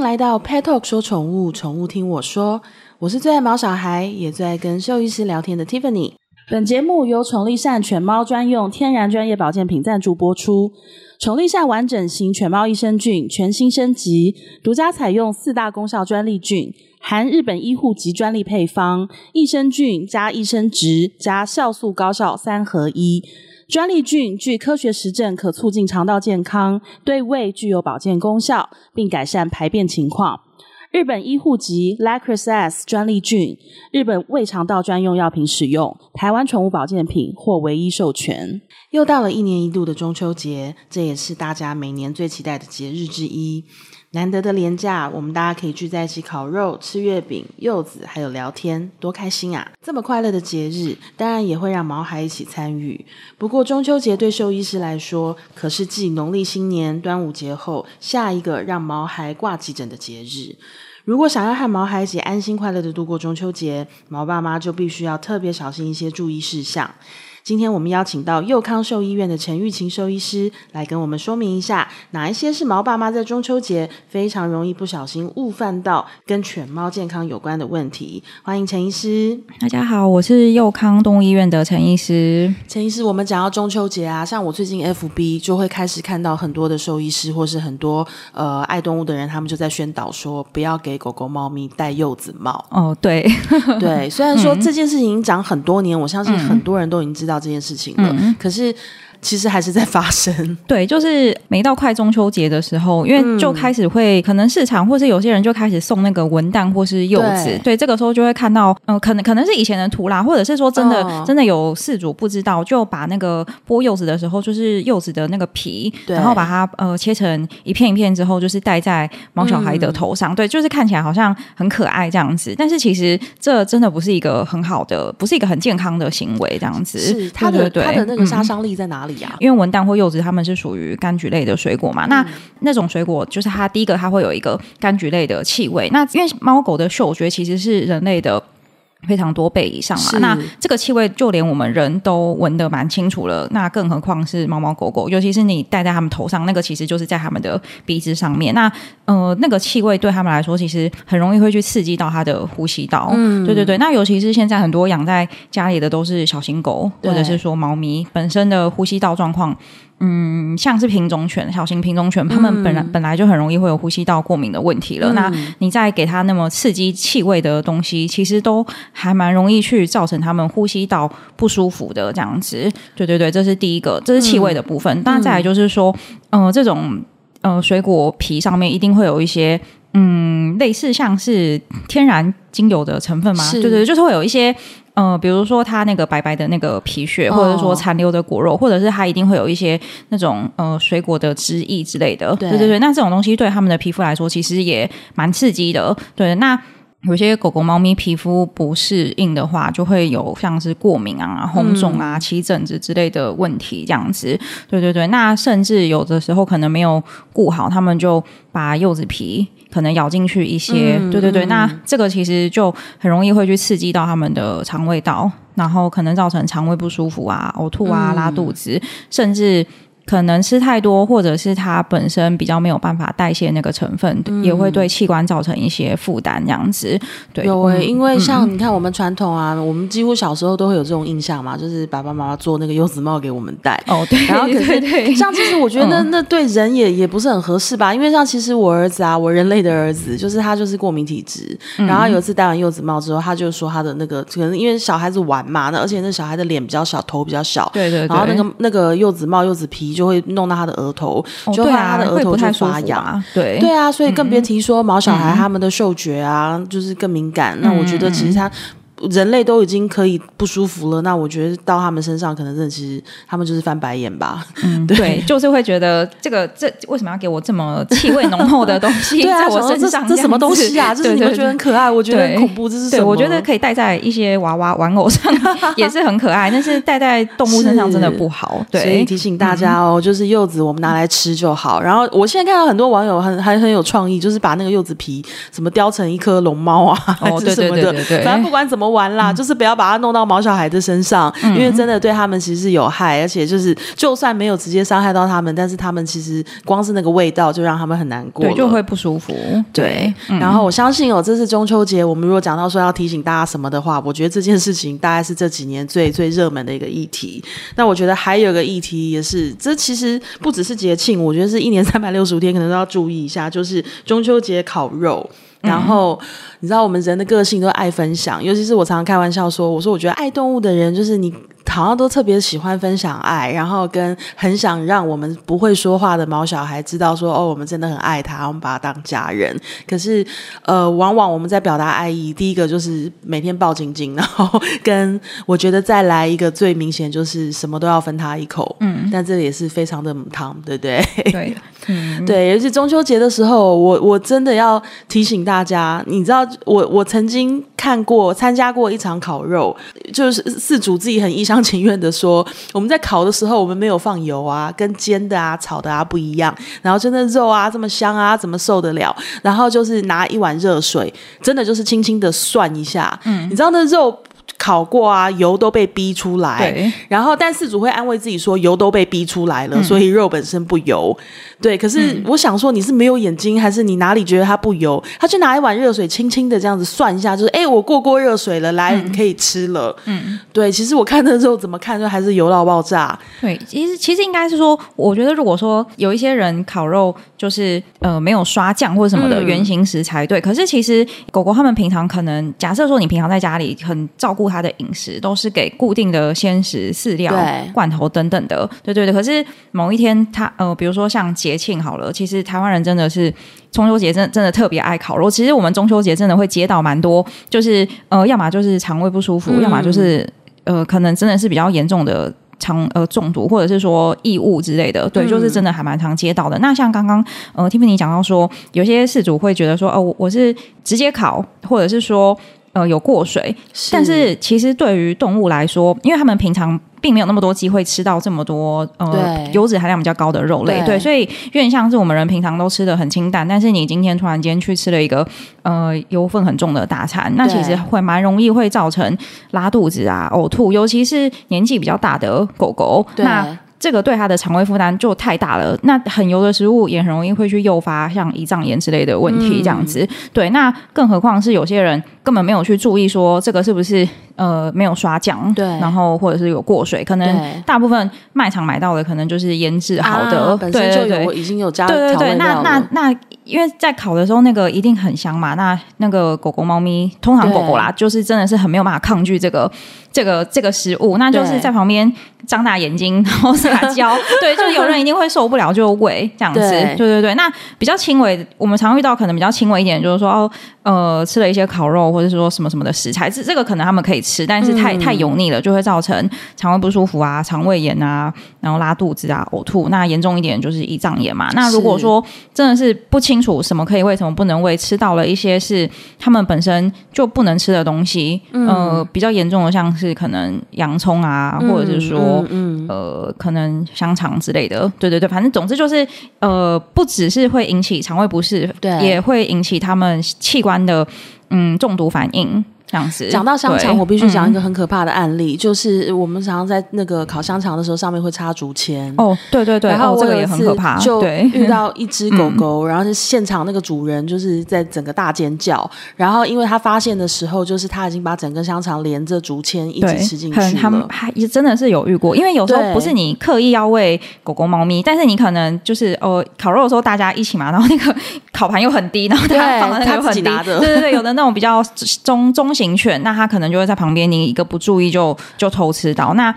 來到 Pet Talk 說寵物，寵物聽我說，我是最愛毛小孩，也最愛跟獸醫師聊天的 Tiffany。本節目由寵立善犬貓專用天然專業保健品贊助播出。寵立善完整型犬貓益生菌全新升級，獨家採用四大功效專利菌，含日本醫護級專利配方，益生菌加益生質加酵素高效三合一。專利菌具科學實證可促進腸道健康，對胃具有保健功效，並改善排便情況。日本醫護級 LACRIS-S 專利菌，日本胃腸道專用藥品使用，台灣寵物保健品獲唯一授權。又到了一年一度的中秋節，這也是大家每年最期待的節日之一。難得的連假，我們大家可以聚在一起烤肉、吃月餅、柚子，還有聊天，多開心啊！這麼快樂的節日，當然也會讓毛孩一起參與。不過中秋節對獸醫師來說，可是繼農曆新年、端午節後下一個讓毛孩掛急診的節日。如果想要和毛孩一起安心快樂的度過中秋節，毛爸媽就必須要特別小心一些注意事項。今天我們邀請到祐康獸醫院的陳郁晴獸醫師來跟我們說明一下，哪一些是毛爸媽在中秋節非常容易不小心誤犯到跟犬貓健康有關的問題。歡迎陳醫師。大家好，我是祐康動物醫院的陳醫師。陳醫師，我們講到中秋節啊，像我最近 FB 就會開始看到很多的獸醫師或是很多呃愛動物的人，他們就在宣導說，不要給狗狗、貓咪戴柚子帽。哦，對， 對。雖然說、嗯、這件事情已經講很多年，我相信很多人都已經知道、嗯。到這件事情了，嗯，可是。其實還是在發生，對，就是每到快中秋節的時候，因為就開始會、嗯、可能市場或是有些人就開始送那個文旦或是柚子，對，對，這個時候就會看到，嗯、呃，可能可能是以前的圖啦，或者是說真的、哦、真的有飼主不知道就把那個剝柚子的時候，就是柚子的那個皮，對，然後把它呃切成一片一片之後，就是戴在毛小孩的頭上，嗯、對，就是看起來好像很可愛這樣子，但是其實這真的不是一個很好的，不是一個很健康的行為，這樣子，是對它的它的那個殺傷力在哪裡？嗯因為文旦或柚子，它們是屬於柑橘類的水果嘛，那那種水果，就是它第一個，它會有一個柑橘類的氣味。那因為貓狗的嗅覺其實是人類的。非常多倍以上嘛，是，那這個氣味就連我們人都聞得蠻清楚了，那更何況是貓貓狗狗，尤其是你戴在它們頭上，那個其實就是在它們的鼻子上面，那呃那個氣味對他們來說其實很容易會去刺激到它的呼吸道，嗯，對對對，那尤其是現在很多養在家裡的都是小型狗或者是說貓咪，本身的呼吸道狀況，嗯，像是品種犬、小型品種犬，它、嗯、們本來本來就很容易會有呼吸道過敏的問題了。嗯、那你再給它那麼刺激氣味的東西，其實都還蠻容易去造成它們呼吸道不舒服的這樣子。對對對，這是第一個，這是氣味的部分、嗯。那再來就是說，嗯，呃、這種呃水果皮上面一定會有一些，嗯，類似像是天然精油的成分嗎？是，對對，就是會有一些。嗯、呃，比如說它那個白白的那個皮屑，或者說殘留的果肉，哦、或者是它一定會有一些那種呃水果的汁液之類的對，對對對。那這種東西對他們的皮膚來說，其實也蠻刺激的。對，那。有些狗狗、貓咪皮膚不適應的話，就會有像是過敏啊、紅腫啊、起疹子之類的問題這樣子，嗯。對對對，那甚至有的時候可能沒有顧好，他們就把柚子皮可能咬進去一些，嗯。對對對，那這個其實就很容易會去刺激到他們的腸胃道，然後可能造成腸胃不舒服啊、嘔吐啊、拉肚子，嗯，甚至。可能吃太多，或者是它本身比較沒有辦法代謝那個成分，嗯對，也會對器官造成一些負擔，這樣子。對，有誒、欸，因為像你看，我們傳統啊、嗯，我們幾乎小時候都會有這種印象嘛，就是爸爸媽媽做那個柚子帽給我們戴。哦，對。然後可是，對，對，對像其實我覺得，那對人也，嗯，也不是很合適吧，因為像其實我兒子啊，我人類的兒子，就是他就是過敏體質，嗯。然後有一次戴完柚子帽之後，他就說他的那個可能因為小孩子玩嘛，那而且那小孩的臉比較小，頭比較小。對對，對。然後那個那個柚子帽，柚子皮就。就會弄到他的額頭，哦、就會讓他的額頭去刷癢，哦、對啊啊對，對啊，所以更別提說毛小孩他們的嗅覺啊，嗯、就是更敏感、嗯。那我覺得其實他。人類都已經可以不舒服了，那我覺得到他們身上可能真的，其實他們就是翻白眼吧。嗯，對，對就是會覺得這個這為什麼要給我這麼氣味濃厚的東西啊， 在我身上？啊、想說這，這，這什麼東西啊？就是你們覺得很可愛，我覺得很恐怖，這是什麼對對？我覺得可以戴在一些娃娃玩偶上 也是很可愛，但是戴在動物身上真的不好。對，對所以提醒大家哦、嗯，就是柚子我們拿來吃就好。然後我現在看到很多網友很還很有創意，就是把那個柚子皮什麼雕成一顆龍貓啊還是什麼的，哦，對對對,對,對,對。對反正不管怎麼。完啦，就是不要把它弄到毛小孩子身上。嗯，因為真的對他們其實是有害，而且就是就算沒有直接傷害到他們，但是他們其實光是那個味道就讓他們很難過。對，就會不舒服。對，嗯、然後我相信哦，這次中秋節我們如果講到說要提醒大家什麼的話，我覺得這件事情大概是這幾年最最熱門的一個議題。那我覺得還有一個議題也是，這其實不只是節慶，我覺得是一年三百六十五天可能都要注意一下，就是中秋節烤肉。然後，嗯，你知道我們人的個性都愛分享，尤其是我常常開玩笑說，我說我覺得愛動物的人就是你。好像都特別喜歡分享愛，然後跟很想讓我們不會說話的毛小孩知道說哦，我們真的很愛他，我們把他當家人。可是呃，往往我們在表達愛意，第一個就是每天抱緊緊，然後跟我覺得再來一個最明顯就是什麼都要分他一口，嗯，但這也是非常的母湯，對不對？對，嗯、對，尤其中秋節的時候，我我真的要提醒大家，你知道我我曾經看過參加過一場烤肉，就是飼主自己很異鄉。情願的說，我們在烤的時候，我們沒有放油啊，跟煎的啊、炒的啊不一樣。然後真的肉啊這麼香啊，怎麼受得了？然後就是拿一碗熱水，真的就是輕輕的涮一下。嗯，你知道那肉。烤過啊，油都被逼出來。對。然後，但飼主會安慰自己說：“油都被逼出來了，嗯、所以肉本身不油。”對。可是，我想說，你是沒有眼睛、嗯，還是你哪裡覺得它不油？他去拿一碗熱水，輕輕的這樣子涮一下，就是哎、欸，我過過熱水了，來，嗯、你可以吃了。嗯。對，其實我看的時候怎麼看都還是油到爆炸。對，其實其實應該是說，我覺得如果說有一些人烤肉就是呃沒有刷醬或者什麼的原形食才、嗯、對。可是其實狗狗他們平常可能假設說你平常在家裡很照顧。他的飲食都是給固定的鮮食飼、飼料、罐頭等等的，對對對。可是某一天他，他呃，比如說像節慶好了，其實台灣人真的是中秋節真的真的特別愛烤肉。其實我們中秋節真的會接到蠻多，就是呃，要麼就是腸胃不舒服，嗯、要麼就是呃，可能真的是比較嚴重的腸呃中毒，或者是說異物之類的。對、嗯，就是真的還蠻常接到的。那像剛剛呃，Tiffany 講到說，有些飼主會覺得說，哦、呃，我是直接烤，或者是說。呃，有過水，但是其實對於動物來說，因為他們平常並沒有那麼多機會吃到這麼多呃油脂含量比較高的肉類，對，對，所以有點像是我們人平常都吃得很清淡，但是你今天突然間去吃了一個呃油分很重的大餐，那其實會蠻容易會造成拉肚子啊、嘔吐，尤其是年紀比較大的狗狗，對，那。對這個對他的腸胃負擔就太大了。那很油的食物也很容易會去誘發像胰臟炎之類的問題，這樣子、嗯。對，那更何況是有些人根本沒有去注意說這個是不是呃沒有刷醬，然後或者是有過水，可能大部分賣場買到的可能就是醃製好的，對啊、本身就有對對已經有加了調味料。對對對對那那那那因為在烤的時候，那個一定很香嘛。那那個狗狗、貓咪，通常狗狗啦，就是真的是很沒有辦法抗拒這個、這個、這個食物。那就是在旁邊張大眼睛，然後撒嬌對。對，就有人一定會受不了，就餵這樣子對。對對對，那比較輕微，我們常遇到可能比較輕微一點，就是說哦。呃，吃了一些烤肉或者是說什麼什麼的食材，這這個可能他們可以吃，但是太太油膩了，嗯，就會造成腸胃不舒服啊、腸胃炎啊，然後拉肚子啊、嘔吐。那嚴重一點就是胰臟炎嘛。那如果說真的是不清楚什麼可以餵、什麼不能餵，吃到了一些是他們本身就不能吃的東西，嗯，呃、比較嚴重的像是可能洋蔥啊、嗯，或者是說、嗯嗯嗯、呃，可能香腸之類的。對對對，反正總之就是呃，不只是會引起腸胃不適，對，也會引起他們器官的嗯，中毒反應。講到香腸，我必須講一個很可怕的案例，嗯、就是我們常常在那個烤香腸的時候，上面會插竹籤。哦，對對對，然後、哦、這個也很可怕。就遇到一隻狗狗，然後現場那個主人就是在整個大尖叫。嗯、然後因為他發現的時候，就是他已經把整個香腸連着竹籤一直吃進去了。他們還也真的是有遇過，因為有時候不是你刻意要餵狗狗、貓咪，但是你可能就是哦烤肉的時候大家一起嘛，然後那個烤盤又很低，然後他，反放在那個很大的，對對對，有的那種比較中中。 警犬，那他可能就會在旁邊，你一個不注意就就偷吃到。那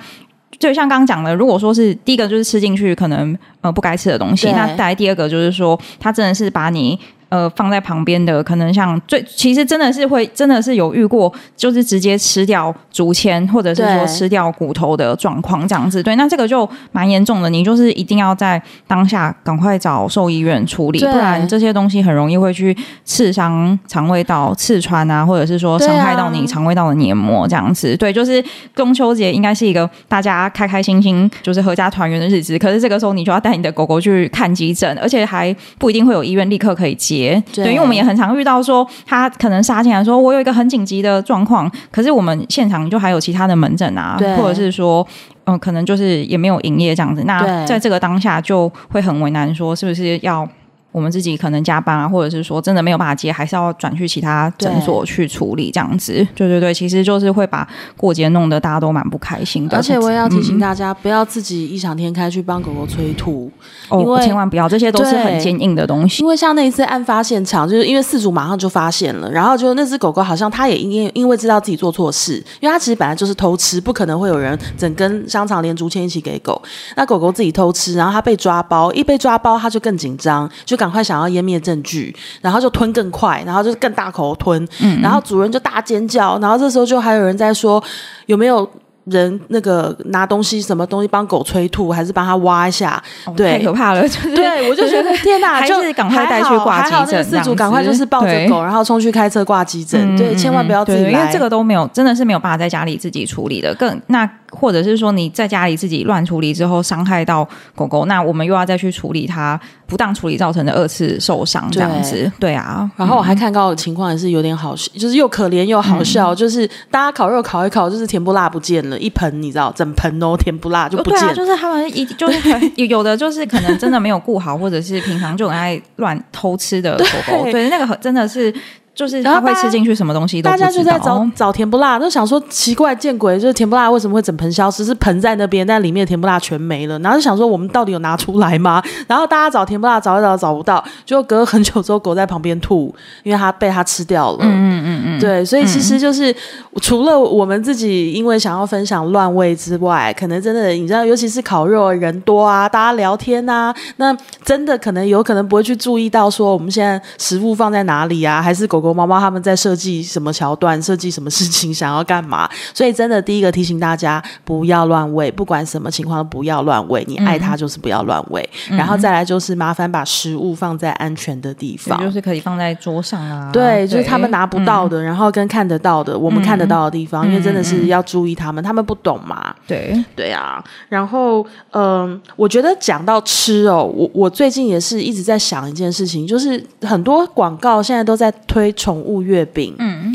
就像剛剛講的，如果說是第一個就是吃進去，可能呃不該吃的東西。那再來第二個就是說，他真的是把你。呃，放在旁邊的可能像最，其實真的是會，真的是有遇過，就是直接吃掉竹籤，或者是說吃掉骨頭的狀況這樣子對。對，那這個就蠻嚴重的，你就是一定要在當下趕快找獸醫院處理，不然這些東西很容易會去刺傷腸胃道、刺穿啊，或者是說傷害到你腸胃道的黏膜這樣子。對，啊對，就是中秋節應該是一個大家開開心心，就是闔家團圓的日子，可是這個時候你就要帶你的狗狗去看急診，而且還不一定會有醫院立刻可以接。對，因為我們也很常遇到說，他可能殺進來說，我有一個很緊急的狀況，可是我們現場就還有其他的門診啊，或者是說，嗯、呃，可能就是也沒有營業這樣子，那在這個當下就會很為難，說是不是要？我們自己可能加班啊，或者是說真的沒有辦法接，還是要轉去其他診所去處理這樣子。對對，對對，其實就是會把過節弄得大家都蠻不開心的。而且我也要提醒大家，嗯、不要自己異想天開去幫狗狗催吐，哦，因千萬不要，這些都是很堅硬的東西。因為像那一次案發現場，就是因為飼主馬上就發現了，然後就那隻狗狗好像它也因因為知道自己做錯事，因為它其實本來就是偷吃，不可能會有人整根香腸連竹籤一起給狗。那狗狗自己偷吃，然後它被抓包，一被抓包它就更緊張，就。趕快想要湮滅證據，然後就吞更快，然後就是更大口吞嗯嗯，然後主人就大尖叫，然後這時候就還有人在說，有沒有人那個拿東西什麼東西幫狗催吐，還是幫他挖一下？對哦，太可怕了，就是！對，我就覺得天哪，還是就是趕快帶去掛急診。這樣子，趕快就是抱着狗，然後衝去開車掛急診，嗯。對，千萬不要自己對，因為這個都沒有，真的是沒有辦法在家裡自己處理的。更那。或者是說你在家裡自己亂處理之後傷害到狗狗，那我們又要再去處理它不當處理造成的二次受傷這樣子，對，對啊，嗯。然後我還看到的情況也是有點好，就是又可憐又好笑，嗯，就是大家烤肉烤一烤，就是甜不辣不見了，一盆你知道，整盆都甜不辣就不見了。啊，就是他們一就是有，有的就是可能真的沒有顧好，或者是平常就很愛亂偷吃的狗狗，對，對那個真的是。就是，然後吃進去什麼東西都，大家就在找找甜不辣，就想說奇怪，見鬼，就是甜不辣為什麼會整盆消失？是盆在那邊，但裡面的甜不辣全沒了。然後就想說，我們到底有拿出來嗎？然後大家找甜不辣，找一找找不到，就隔了很久之後，狗在旁邊吐，因為它被它吃掉了。嗯嗯嗯，嗯，對，所以其實就是嗯嗯除了我們自己因為想要分享亂餵之外，可能真的，你知道，尤其是烤肉人多啊，大家聊天啊，那真的可能有可能不會去注意到說我們現在食物放在哪裡啊，還是狗。狗狗貓貓他們在設計什麼橋段，設計什麼事情想要幹嘛？所以真的，第一個提醒大家不要亂餵，不管什麼情況都不要亂餵。你愛它就是不要亂餵，嗯。然後再來就是麻煩把食物放在安全的地方，就是可以放在桌上啊。對，對就是他們拿不到的，嗯，然後跟看得到的，我們看得到的地方，嗯，因為真的是要注意他們，嗯、他們不懂嘛。對對啊。然後嗯，我覺得講到吃哦，我我最近也是一直在想一件事情，就是很多廣告現在都在推。寵物月餅，嗯，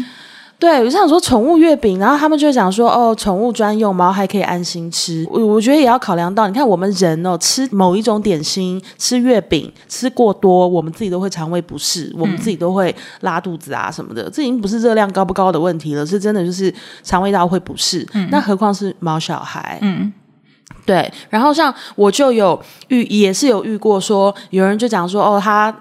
對我就想說寵物月餅，然後他們就會講說哦，寵物專用，貓還可以安心吃。我我覺得也要考量到，你看我們人哦，吃某一種點心，吃月餅吃過多，我們自己都會腸胃不適，我們自己都會拉肚子啊什麼的。嗯、這已經不是熱量高不高的問題了，是真的就是腸胃道會不適。嗯、那何況是毛小孩？嗯，對。然後像我就有遇，也是有遇過說，有人就講說哦，他。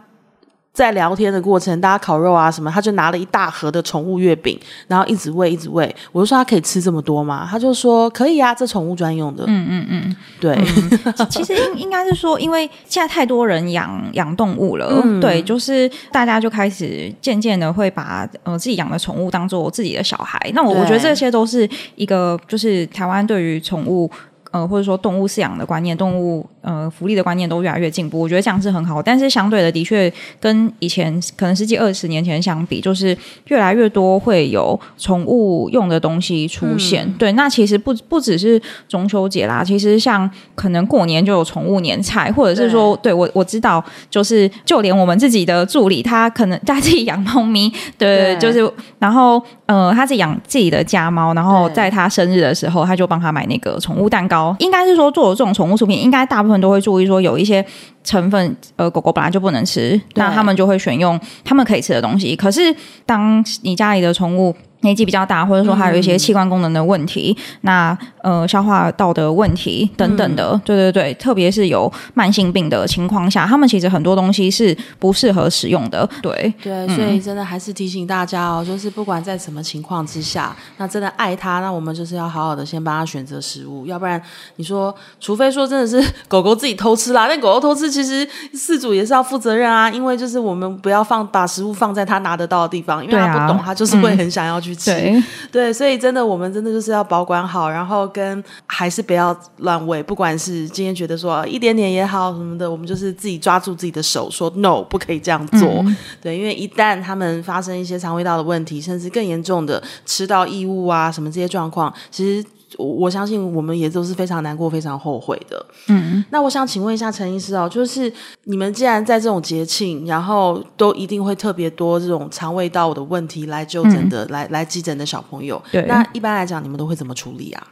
在聊天的過程，大家烤肉啊什麼，他就拿了一大盒的寵物月餅，然後一直餵，一直餵。我就說他可以吃這麼多嗎？他就說可以啊，這寵物專用的。嗯嗯嗯，對。嗯，其實應應該是說，因為現在太多人養養動物了，嗯，對，就是大家就開始漸漸的會把呃自己養的寵物當做自己的小孩。那我我覺得這些都是一個就是台灣對於寵物呃或者說動物飼養的觀念，動物。呃，福利的觀念都越來越進步，我覺得這樣是很好。但是相對的，的確跟以前可能十幾、二十年前相比，就是越來越多會有寵物用的東西出現。嗯、對，那其實不不只是中秋節啦，其實像可能過年就有寵物年菜，或者是說，對，對我我知道，就是就連我們自己的助理，他可能他自己養貓咪對對對，對，就是然後呃，他是養自己的家貓，然後在他生日的時候，他就幫他買那個寵物蛋糕，應該是說做的這種寵物出品，應該大部分。都會注意說有一些成分，呃，狗狗本來就不能吃，那他們就會選用他們可以吃的東西。可是，當你家裡的寵物，年紀比較大，或者說還有一些器官功能的問題，嗯、那呃消化道的問題等等的、嗯，對對對，特別是有慢性病的情況下，他們其實很多東西是不適合使用的，對對、嗯，所以真的還是提醒大家哦，就是不管在什麼情況之下，那真的愛它，那我們就是要好好的先幫它選擇食物，要不然你說，除非說真的是狗狗自己偷吃啦，那狗狗偷吃其實飼主也是要負責任啊，因為就是我們不要放把食物放在它拿得到的地方，因為它不懂，它就是會很想要去、嗯。對，對，所以真的，我們真的就是要保管好，然後跟還是不要亂餵。不管是今天覺得說一點點也好什麼的，我們就是自己抓住自己的手，說 “no”，不可以這樣做。嗯、對，因為一旦他們發生一些腸胃道的問題，甚至更嚴重的吃到異物啊什麼這些狀況，其實，我相信我們也都是非常難過、非常後悔的。嗯，那我想請問一下陳醫師哦，就是你們既然在這種節慶，然後都一定會特別多這種腸胃道的問題來就診的，嗯、來來急診的小朋友，對，那一般來講你們都會怎麼處理啊？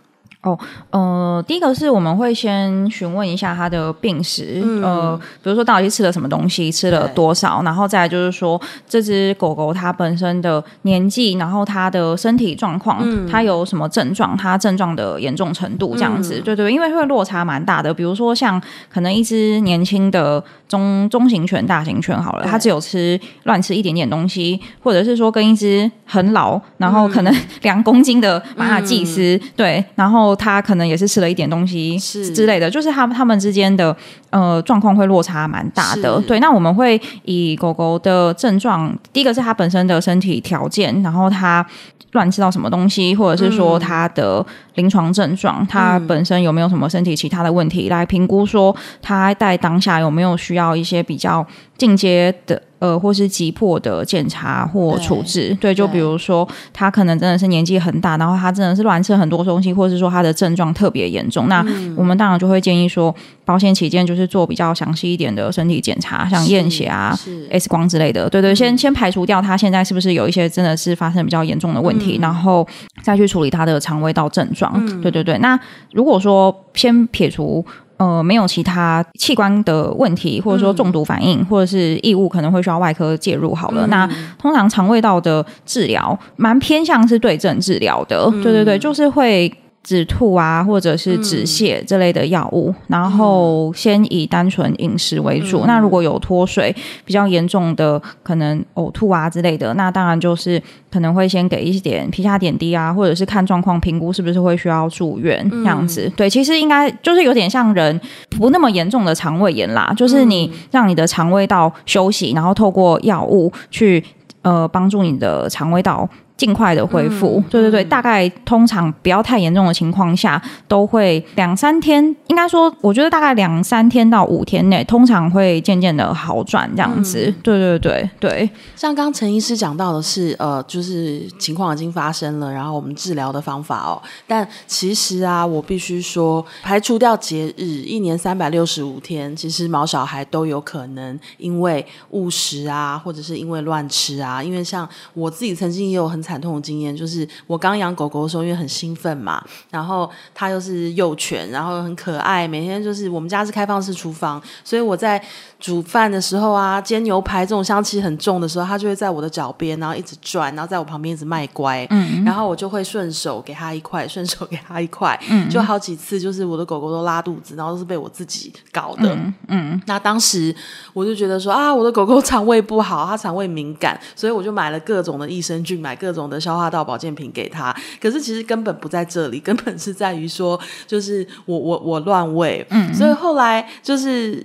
哦，呃，第一個是我們會先詢問一下他的病史、嗯，呃，比如說到底吃了什麼東西，吃了多少，然後再就是說這只狗狗它本身的年紀，然後它的身體狀況、嗯，它有什麼症狀，它症狀的嚴重程度這樣子。嗯、對，對對，因為會落差蠻大的，比如說像可能一隻年輕的中中型犬、大型犬好了，它只有吃亂吃一點點東西，或者是說跟一隻很老，然後可能兩、嗯、 公斤的馬爾濟斯，對，然後。他可能也是吃了一點東西，是之類的，是就是他他們之間的呃狀況會落差蠻大的。對，那我們會以狗狗的症狀，第一個是他本身的身體條件，然後他亂吃到什麼東西，或者是說他的臨床症狀，嗯、他本身有沒有什麼身體其他的問題、嗯，來評估說他在當下有沒有需要一些比較進階的。呃，或是急迫的檢查或處置，對，對，就比如說他可能真的是年紀很大，然後他真的是亂吃很多東西，或者是說他的症狀特別嚴重、嗯，那我們當然就會建議說，保險起見，就是做比較詳細一點的身體檢查，像驗血啊、X 光之類的，對對、對、嗯，先先排除掉他現在是不是有一些真的是發生比較嚴重的問題、嗯，然後再去處理他的腸胃道症狀、嗯，對對對。那如果說先撇除。呃，沒有其他器官的問題，或者說中毒反應，嗯、或者是異物，可能會需要外科介入。好了，嗯、那通常腸胃道的治療，蠻偏向是對症治療的。嗯、對對對，就是會。止吐啊，或者是止瀉這類的藥物、嗯，然後先以單純飲食為主。嗯、那如果有脫水比較嚴重的，可能嘔吐啊之類的，那當然就是可能會先給一點皮下點滴啊，或者是看狀況評估是不是會需要住院、嗯、這樣子。對，其實應該就是有點像人不那麼嚴重的腸胃炎啦，就是你讓你的腸胃道休息，然後透過藥物去呃幫助你的腸胃道。儘快的恢復，嗯、對對對，嗯、大概通常不要太嚴重的情況下，都會兩三天，應該說，我覺得大概兩三天到五天內，通常會漸漸的好轉這樣子。對、嗯、對對對，對，像剛陳醫師講到的是，呃，就是情況已經發生了，然後我們治療的方法哦，但其實啊，我必須說，排除掉節日，一年三百六十五天，其實毛小孩都有可能因為誤食啊，或者是因為亂吃啊，因為像我自己曾經也有很慘痛的經驗就是，我剛養狗狗的時候，因為很興奮嘛，然後它又是幼犬，然後很可愛，每天就是我們家是開放式廚房，所以我在煮飯的時候啊，煎牛排這種香氣很重的時候，它就會在我的腳邊，然後一直轉，然後在我旁邊一直賣乖，嗯，然後我就會順手給它一塊，順手給它一塊，嗯，就好幾次就是我的狗狗都拉肚子，然後都是被我自己搞的，嗯，嗯那當時我就覺得說啊，我的狗狗腸胃不好，它腸胃敏感，所以我就買了各種的益生菌，買各種總的消化道保健品給他，可是其實根本不在這裡，根本是在於說，就是我我我亂餵，嗯，所以後來就是。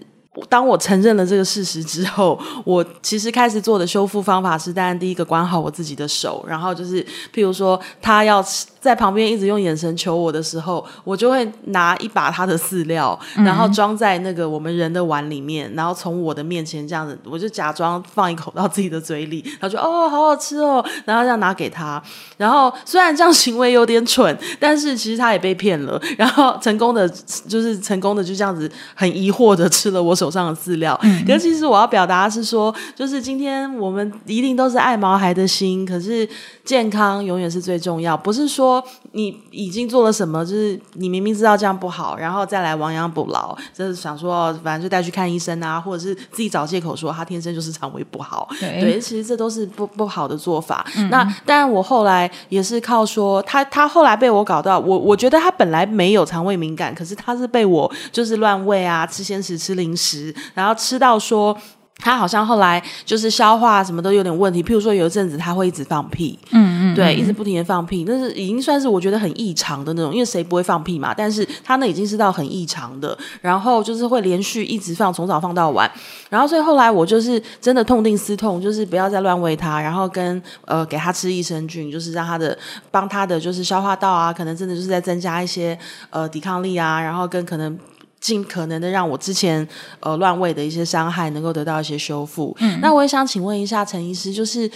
當我承認了這個事實之後，我其實開始做的修復方法是：當然，第一個管好我自己的手。然後就是，譬如說他要在旁邊一直用眼神求我的時候，我就會拿一把他的飼料，然後裝在那個我們人的碗裡面，然後從我的面前這樣子，我就假裝放一口到自己的嘴裡，然後說：“哦，好好吃哦。”然後這樣拿給他。然後雖然這樣行為有點蠢，但是其實他也被騙了，然後成功的，就是成功的就這樣子，很疑惑的吃了我手上的資料，可、嗯、其實我要表達是說，就是今天我們一定都是愛毛孩的心，可是健康永遠是最重要。不是說你已經做了什麼，就是你明明知道這樣不好，然後再來亡羊補牢，就是想說反正就帶去看醫生啊，或者是自己找借口說他天生就是腸胃不好對。對，其實這都是不不好的做法。嗯、那但我後來也是靠說他，他後來被我搞到，我我覺得他本來沒有腸胃敏感，可是他是被我就是亂餵啊，吃鮮食，吃零食。然後吃到說他好像後來就是消化什麼都有點問題。譬如說有一陣子他會一直放屁，嗯嗯，嗯，對，一直不停的放屁，那是已經算是我覺得很異常的那種，因為誰不會放屁嘛。但是他呢，已經是到很異常的，然後就是會連續一直放，從早放到晚。然後所以後來我就是真的痛定思痛，就是不要再亂餵他，然後跟呃給他吃益生菌，就是讓他的幫他的就是消化道啊，可能真的就是在增加一些呃抵抗力啊，然後跟可能。盡可能的讓我之前呃，亂餵的一些傷害能夠得到一些修復。嗯，那我也想請問一下陳醫師，就是。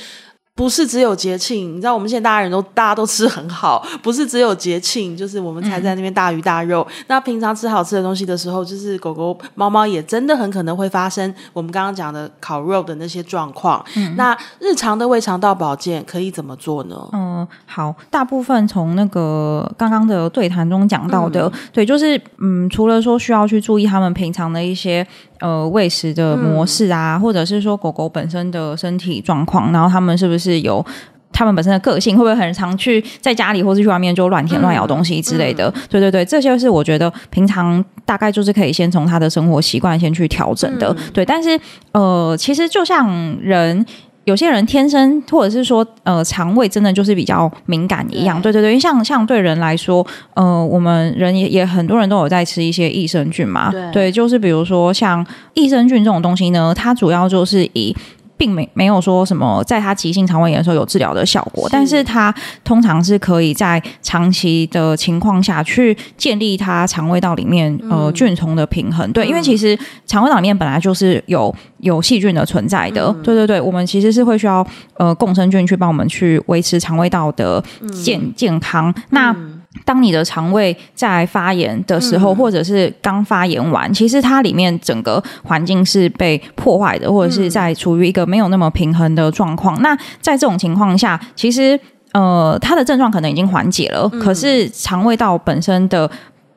不是只有節慶，你知道我們現在大家人都大家都吃很好，不是只有節慶，就是我們才在那邊大魚大肉，嗯。那平常吃好吃的東西的時候，就是狗狗貓貓也真的很可能會發生我們剛剛講的烤肉的那些狀況。嗯，那日常的胃腸道保健可以怎麼做呢？嗯，好，大部分從那個剛剛的對談中講到的，嗯、對，就是嗯，除了說需要去注意他們平常的一些呃餵食的模式啊、嗯，或者是說狗狗本身的身體狀況，然後他們是不是？就是有他們本身的個性，會不會很常去在家裡或是去外面就亂舔亂咬東西之類的，嗯嗯？對對對，這些是我覺得平常大概就是可以先從他的生活習慣先去調整的，嗯。對，但是呃，其實就像人，有些人天生或者是說呃腸胃真的就是比較敏感一樣。對對，對對，像像對人來說，呃，我們人也也很多人都有在吃一些益生菌嘛對。對，就是比如說像益生菌這種東西呢，它主要就是以。並沒沒有說什麼，在他急性腸胃炎的時候有治療的效果，但是他通常是可以在長期的情況下去建立他腸胃道裡面、嗯、呃菌叢的平衡。對，嗯、因為其實腸胃道裡面本來就是有有細菌的存在的、嗯。對對對，我們其實是會需要呃共生菌去幫我們去維持腸胃道的健、嗯、健康。那、嗯當你的腸胃在發炎的時候，嗯、或者是剛發炎完，其實它裡面整個環境是被破壞的，或者是在處於一個沒有那麼平衡的狀況、嗯。那在這種情況下，其實呃，它的症狀可能已經緩解了，嗯、可是腸胃道本身的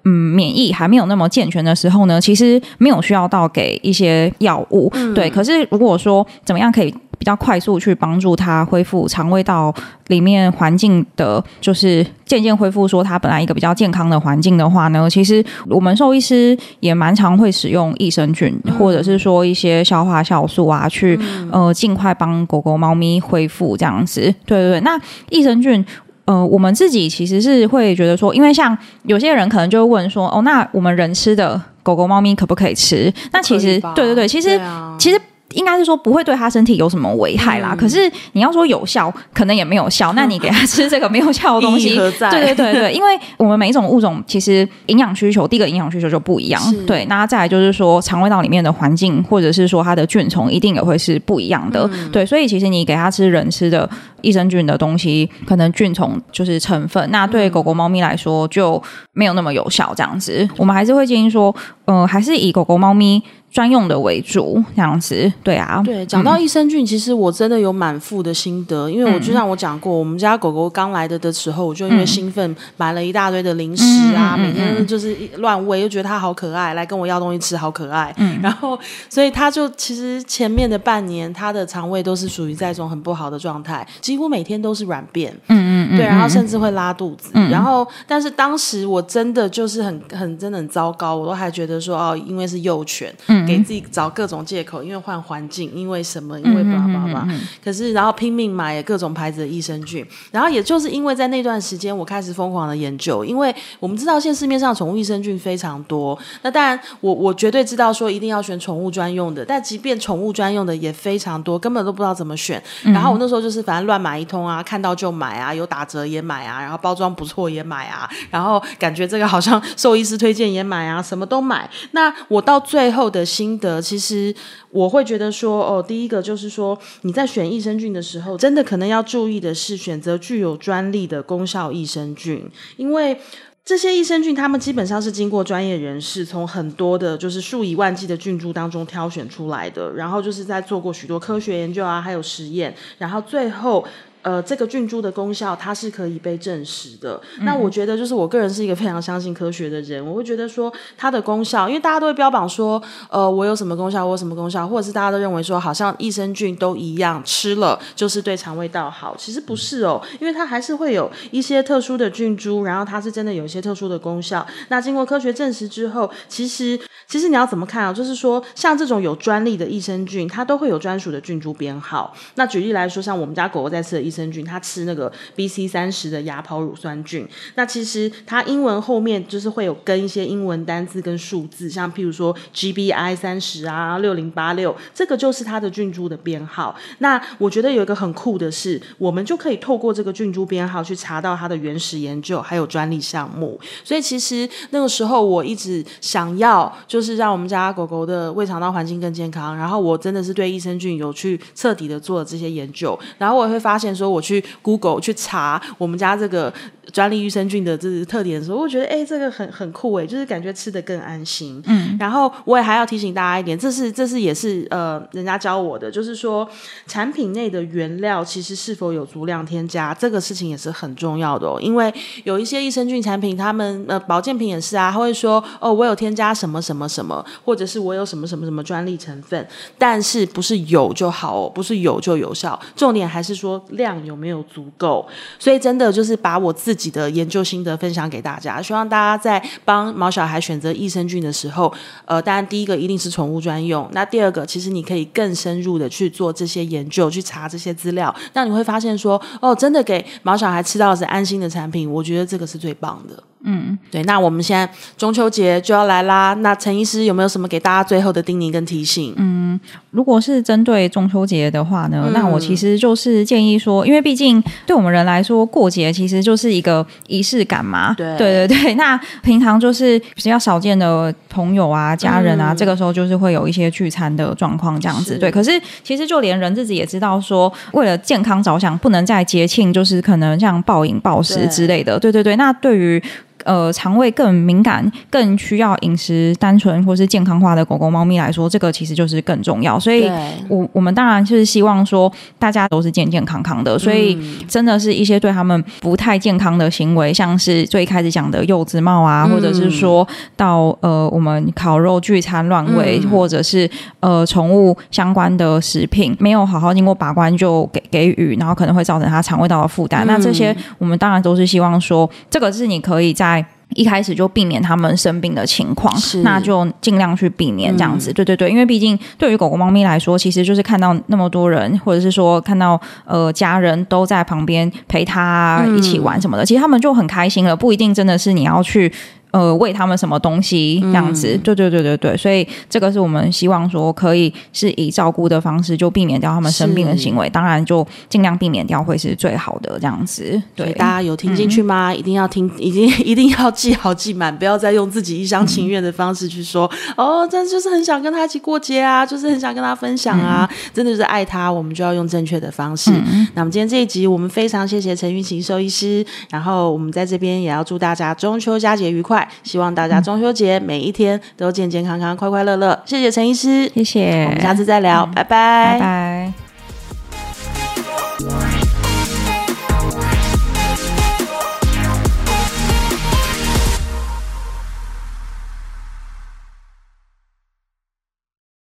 嗯免疫還沒有那麼健全的時候呢，其實沒有需要到給一些藥物、嗯。對，可是如果說怎麼樣可以？比較快速去幫助它恢復腸胃道裡面環境的，就是漸漸恢復，說它本來一個比較健康的環境的話呢，其實我們獸醫師也蠻常會使用益生菌，或者是說一些消化酵素啊，去呃盡快幫狗狗貓咪恢復這樣子。對對對，那益生菌，呃，我們自己其實是會覺得說，因為像有些人可能就會問說，哦，那我們人吃的狗狗貓咪可不可以吃？那其實對對對，對，其實其實、啊。應該是說不會對他身體有什麼危害啦、嗯，可是你要說有效，可能也沒有效。嗯、那你給他吃這個沒有效的東西，對 對對對，因為我們每一種物種其實營養需求，第一個營養需求就不一樣。對，那再來就是說，腸胃道裡面的環境，或者是說它的菌蟲，一定也會是不一樣的、嗯。對，所以其實你給他吃人吃的益生菌的東西，可能菌蟲就是成分，那對狗狗、貓咪來說就沒有那麼有效。這樣子、嗯，我們還是會建議說，嗯、呃，還是以狗狗、貓咪。專用的為主，這樣子，對啊，對。講到益生菌、嗯，其實我真的有滿腹的心得，因為我就像我講過，嗯、我們家狗狗剛來的的時候，我就因為興奮、嗯、買了一大堆的零食啊，嗯嗯嗯、每天就是亂餵，又覺得它好可愛，來跟我要東西吃，好可愛、嗯。然後，所以它就其實前面的半年，它的腸胃都是屬於在一種很不好的狀態，幾乎每天都是軟便，嗯嗯嗯，對，然後甚至會拉肚子、嗯。然後，但是當時我真的就是很很真的很糟糕，我都還覺得說哦，因為是幼犬，嗯。給自己找各種借口因為換環境，因為什麼，因為爸爸媽媽。Blah blah blah, 可是，然後拼命買各種牌子的益生菌，然後也就是因為在那段時間，我開始瘋狂的研究，因為我們知道現在市面上寵物益生菌非常多。那當然我，我我絕對知道說一定要選寵物專用的，但即便寵物專用的也非常多，根本都不知道怎麼選。然後我那時候就是反正亂買一通啊，看到就買啊，有打折也買啊，然後包裝不錯也買啊，然後感覺這個好像獸醫師推薦也買啊，什麼都買。那我到最後的。心得其實，我會覺得說哦，第一個就是說你在選益生菌的時候，真的可能要注意的是選擇具有專利的功效益生菌，因為這些益生菌他們基本上是經過專業人士從很多的就是數以萬計的菌株當中挑選出來的，然後就是在做過許多科學研究啊，還有實驗，然後最後。呃，這個菌株的功效它是可以被證實的。嗯。那我覺得就是我個人是一個非常相信科學的人，我會覺得說它的功效，因為大家都會標榜說，呃，我有什麼功效，我有什麼功效，或者是大家都認為說好像益生菌都一樣吃了就是對腸胃道好，其實不是哦，因為它還是會有一些特殊的菌株，然後它是真的有一些特殊的功效。那經過科學證實之後，其實其實你要怎麼看啊？就是說像這種有專利的益生菌，它都會有專屬的菌株編號。那舉例來說，像我們家狗狗在吃的益生，菌，它吃那個 BC 三十的芽孢乳酸菌。那其實它英文後面就是會有跟一些英文單字跟數字，像譬如說 GBI 三十啊六零八六，6086, 這個就是它的菌株的編號。那我覺得有一個很酷的是，我們就可以透過這個菌株編號去查到它的原始研究還有專利項目。所以其實那個時候我一直想要，就是讓我們家狗狗的胃腸道環境更健康。然後我真的是對益生菌有去徹底的做了這些研究，然後我也會發現。說，我去 Google 去查我們家這個專利益生菌的這個特點的時候，我覺得哎、欸，這個很很酷哎、欸，就是感覺吃的更安心。嗯，然後我也還要提醒大家一點，這是這是也是呃，人家教我的，就是說，產品內的原料其實是否有足量添加，這個事情也是很重要的、哦。因為有一些益生菌產品，他們呃保健品也是啊，他會說哦，我有添加什麼什麼什麼，或者是我有什麼什麼什麼專利成分，但是不是有就好、哦，不是有就有效，重點還是說量。量有沒有足夠？所以真的就是把我自己的研究心得分享給大家，希望大家在幫毛小孩選擇益生菌的時候，呃，當然第一個一定是寵物專用，那第二個其實你可以更深入的去做這些研究，去查這些資料，那你會發現說，哦，真的給毛小孩吃到的是安心的產品，我覺得這個是最棒的。嗯，對，那我們現在中秋節就要來啦。那陳醫師有沒有什麼給大家最後的叮嚀跟提醒？嗯，如果是針對中秋節的話呢，嗯、那我其實就是建議說，因為畢竟對我們人來說，過節其實就是一個儀式感嘛。對，對，對，對，那平常就是比較少見的朋友啊、家人啊，嗯、這個時候就是會有一些聚餐的狀況這樣子。對，可是其實就連人自己也知道說，說為了健康着想，不能在節慶就是可能像暴飲暴食之類的。對，對，對，對。那對於呃，腸胃更敏感、更需要飲食單純或是健康化的狗狗、貓咪來說，這個其實就是更重要。所以我我們當然就是希望說，大家都是健健康康的。嗯、所以，真的是一些對他們不太健康的行為，像是最開始講的柚子帽啊、嗯，或者是說到呃，我們烤肉聚餐亂餵、嗯，或者是呃，寵物相關的食品沒有好好經過把關就給給予，然後可能會造成它腸胃道的負擔。嗯、那這些，我們當然都是希望說，這個是你可以在。一開始就避免他們生病的情況，是，那就盡量去避免這樣子。嗯、對對對，因為畢竟對於狗狗、貓咪來說，其實就是看到那麼多人，或者是說看到呃家人都在旁邊陪它一起玩什麼的、嗯，其實他們就很開心了。不一定真的是你要去。呃，喂，他們什麼東西這樣子、嗯？對對對對對，所以這個是我們希望說可以是以照顧的方式，就避免掉他們生病的行為。當然，就盡量避免掉會是最好的這樣子。對，大家有聽進去嗎、嗯？一定要聽，一定，一定要記好記滿，不要再用自己一廂情願的方式去說、嗯。哦，真的就是很想跟他一起過節啊，就是很想跟他分享啊，嗯、真的就是愛他，我們就要用正確的方式、嗯。那我們今天這一集，我們非常謝謝陳鬱晴獸醫師，然後我們在這邊也要祝大家中秋佳節愉快。希望大家中秋節每一天都健健康康、快快樂樂。謝謝陳醫師，謝謝，我們下次再聊，嗯，拜拜，拜拜。